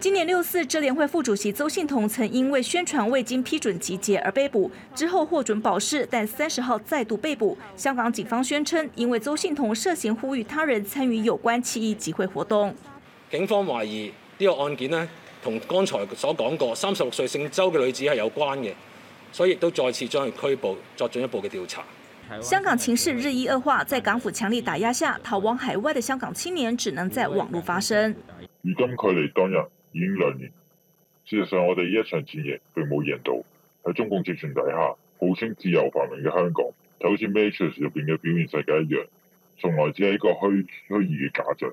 今年六四，支聯會副主席鄒幸彤曾因為宣傳未經批准集結而被捕，之後獲准保釋，但三十號再度被捕。香港警方宣稱，因為鄒幸彤涉嫌呼籲他人參與有關起義集會活動，警方懷疑呢個案件呢，同剛才所講過三十六歲姓周嘅女子係有關嘅，所以亦都再次將佢拘捕作進一步嘅調查。香港情勢日益惡化，在港府強力打壓下，逃往海外嘅香港青年只能在網絡發聲。如今距離當日。已經兩年，事實上我哋呢一場戰役並冇贏到。喺中共政權底下，號稱自由繁榮嘅香港，就好似 Matrix 入邊嘅表面世界一樣，從來只係一個虛虛擬嘅假象。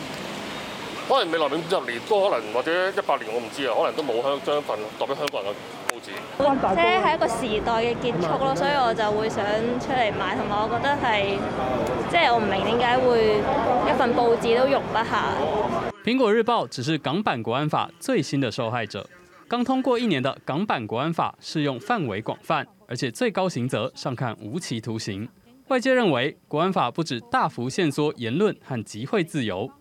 可能未來五十年，都可能或者一百年，我唔知啊。可能都冇香將份代表香港人嘅報紙。即係一個時代嘅結束咯，所以我就會想出嚟買，同埋我覺得係即係我唔明點解會一份報紙都用不下。《蘋果日報》只是港版《國安法》最新的受害者。剛通過一年嘅港版《國安法》適用範圍廣泛，而且最高刑責上看無期徒刑。外界認為《國安法》不止大幅限縮言論和集會自由，